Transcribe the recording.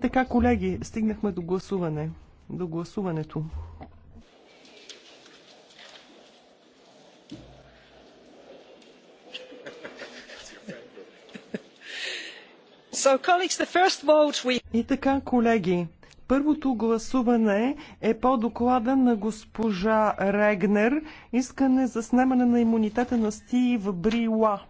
така, колеги, стигнахме до гласуване. До гласуването. И така, колеги, Първото гласуване е по доклада на госпожа Регнер, искане за снемане на имунитета на Стив Брила.